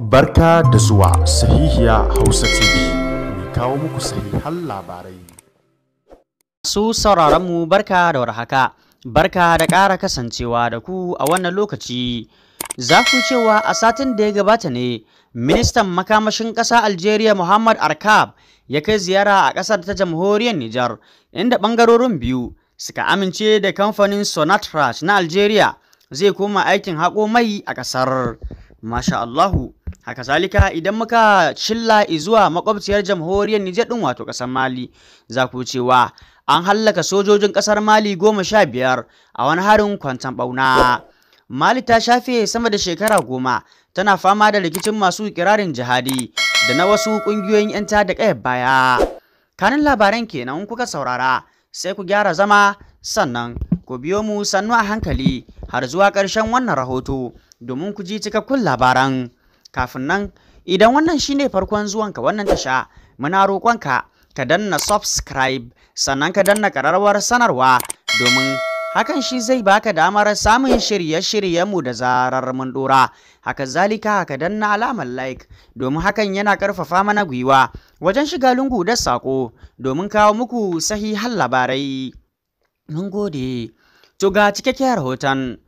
Barka da zuwa sahihiya Hausa TV, mai kawo muku sahihan labarai. Su sauraronmu barka da warhaka, barka da ƙara kasancewa da ku a wannan lokaci. Za ku cewa a satin da ya gabata ne, ministan makamashin ƙasa Algeria Muhammad Arkab ya kai ziyara a ƙasar ta jamhuriyar Nijar, inda ɓangarorin biyu suka amince da kamfanin Sonatrach na Algeria zai koma aikin haƙo mai a ƙasar. masha Allahu haka zalika idan muka cilla zuwa makwabciyar jamhuriyar Nijar din wato kasar Mali za ku cewa an hallaka sojojin kasar Mali goma sha biyar a wani harin kwantan bauna. Mali ta shafe sama da shekara goma tana fama da rikicin masu kirarin jihadi da na wasu kungiyoyin 'yan ta da kayar baya. Kanin labaran kenan kuka saurara sai ku gyara zama sannan ku biyo mu sannu a hankali har zuwa ƙarshen wannan rahoto. domin ku ji cikakkun labaran kafin nan idan wannan shine farkon zuwanka wannan tasha muna roƙonka ka danna subscribe sannan ka danna ƙararrawar sanarwa domin hakan shi zai baka damar samun shirye-shiryenmu da zarar mun dora haka zalika ka danna alamar like domin hakan yana karfafa mana gwiwa wajen shiga lungu da sako domin kawo muku sahihan labarai mun gode to ga cikakken rahoton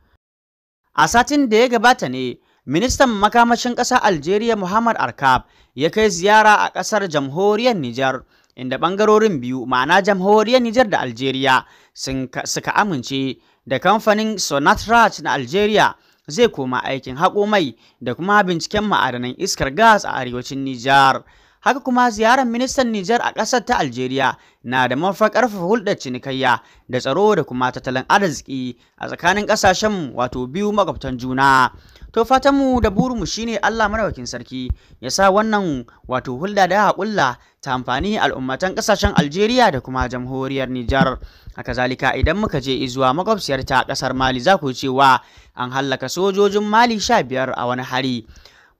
A satin da ya gabata ne, ministan makamashin ƙasa Algeria Muhammad Arkab ya kai ziyara a ƙasar jamhuriyar Nijar, inda ɓangarorin biyu ma'ana jamhuriyar Nijar da Algeria suka amince da kamfanin Sonatrach na Algeria zai koma aikin haƙo mai da kuma binciken ma'adanan iskar gas a arewacin Nijar. haka kuma ziyarar ministan Nijar a ƙasar ta Algeria na da manufar ƙarfafa hulɗar cinikayya da tsaro da kuma tattalin arziki a tsakanin ƙasashen wato biyu makwabtan juna. To fatanmu da burinmu shine Allah marawakin sarki ya sa wannan wato hulɗa da haƙulla ta amfani al'ummatan ƙasashen Algeria da kuma jamhuriyar Nijar. Haka zalika idan muka je izuwa makwabciyar ta ƙasar Mali za ku cewa an hallaka sojojin Mali sha biyar a wani hari.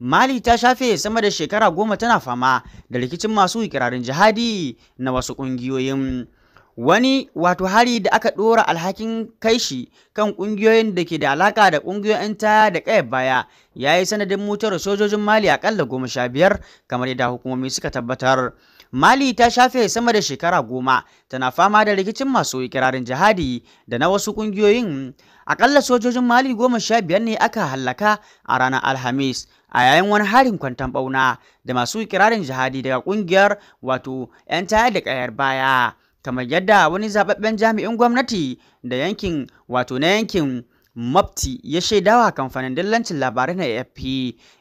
Mali ta shafe sama da shekara goma tana fama da rikicin masu ikirarin jihadi na wasu ƙungiyoyin. wani wato hari da aka ɗora alhakin kai shi kan ƙungiyoyin da ke da alaka da ƙungiyoyin ta da ƙayar baya ya yi sanadin mutuwar sojojin mali aƙalla goma sha biyar kamar yadda hukumomi suka tabbatar mali ta shafe sama da shekara goma tana fama da rikicin masu ikirarin jihadi da na wasu ƙungiyoyin akalla sojojin mali goma sha biyar ne aka hallaka a ranar alhamis a yayin wani harin kwantan ɓauna da masu ikirarin jihadi daga kungiyar wato 'yan taya da kayar baya kamar yadda wani zababben jami'in gwamnati da yankin wato na yankin mafti ya shaidawa kamfanin dillancin labarai na afp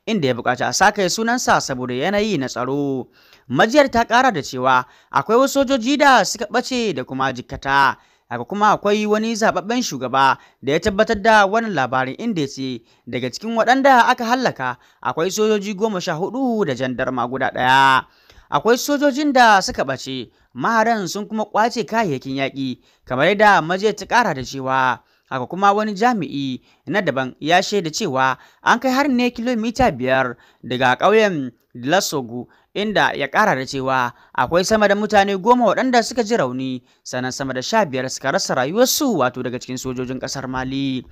inda ya bukaci a sakaye sunansa saboda yanayi na tsaro majiyar ta kara da cewa akwai wasu sojoji da suka bace da kuma jikkata haka kuma akwai wani zababben shugaba da ya tabbatar da wani labarin inda ya ce daga cikin waɗanda aka hallaka akwai sojoji goma sha hudu da jandarma guda ɗaya akwai sojojin da suka ɓace maharan sun kuma ƙwace kayayyakin yaƙi kamar yadda maje ta ƙara da cewa haka kuma wani jami'i na daban ya shaida cewa an kai har ne kilomita biyar daga ƙauyen lasogu inda ya ƙara da cewa akwai sama da mutane goma waɗanda suka ji rauni sannan sama da sha suka rasa rayuwarsu wato daga cikin sojojin ƙasar mali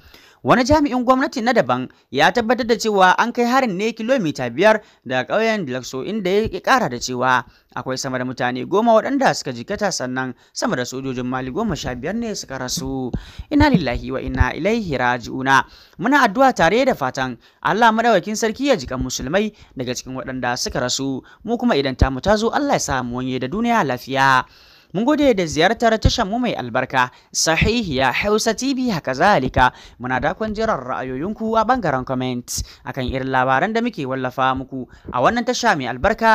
wani jami'in gwamnati na daban ya tabbatar da cewa an kai harin ne kilomita biyar daga ƙauyen lakso inda ya ƙara da cewa akwai sama da mutane goma waɗanda suka jikata sannan sama da sojojin mali goma sha biyar ne suka rasu ina lillahi wa ina ilaihi raji'una muna addu'a tare da fatan allah madawakin sarki ya jikan musulmai daga cikin waɗanda suka rasu mu kuma idan tamu ta zo Allah ya sa mu wanye da duniya lafiya mun gode da ziyartar tashar mu mai albarka sahihiya hausa tv haka zalika muna dakon jiran ra'ayoyinku a bangaren comment akan irin labaran da muke wallafa muku a wannan tasha mai albarka